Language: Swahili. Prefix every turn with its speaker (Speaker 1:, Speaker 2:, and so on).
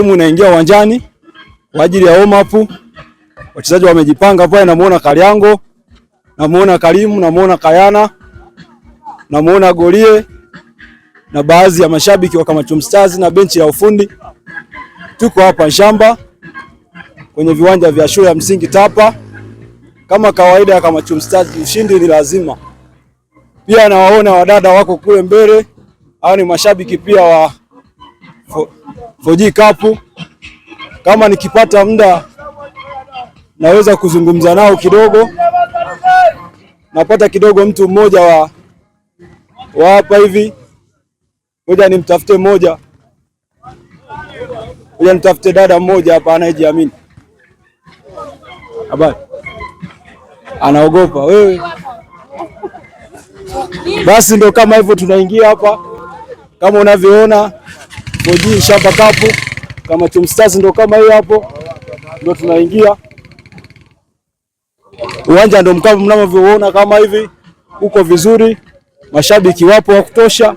Speaker 1: Timu inaingia uwanjani kwa ajili ya warm up. Wachezaji wamejipanga pale, namuona Kaliango, namuona Karimu, namuona Kayana, namuona Golie na baadhi ya mashabiki wa Kamachumu Stars na benchi ya ufundi. Tuko hapa shamba kwenye viwanja vya shule ya msingi Tapa. Kama kawaida ya Kamachumu Stars, ushindi ni lazima. Pia nawaona wadada wako kule mbele, hao ni mashabiki pia wa 4G Cup. Kama nikipata muda naweza kuzungumza nao kidogo, napata kidogo mtu mmoja wa wa hapa hivi, ngoja nimtafute mmoja, ngoja nimtafute dada mmoja hapa anayejiamini. Habari, anaogopa wewe. Basi ndo kama hivyo, tunaingia hapa kama unavyoona. Bojii Shamba kapu kama timu Stars, ndo kama hii hapo, ndo tunaingia uwanja, ndo mkavu mnavyoona kama hivi, uko vizuri, mashabiki wapo wa kutosha.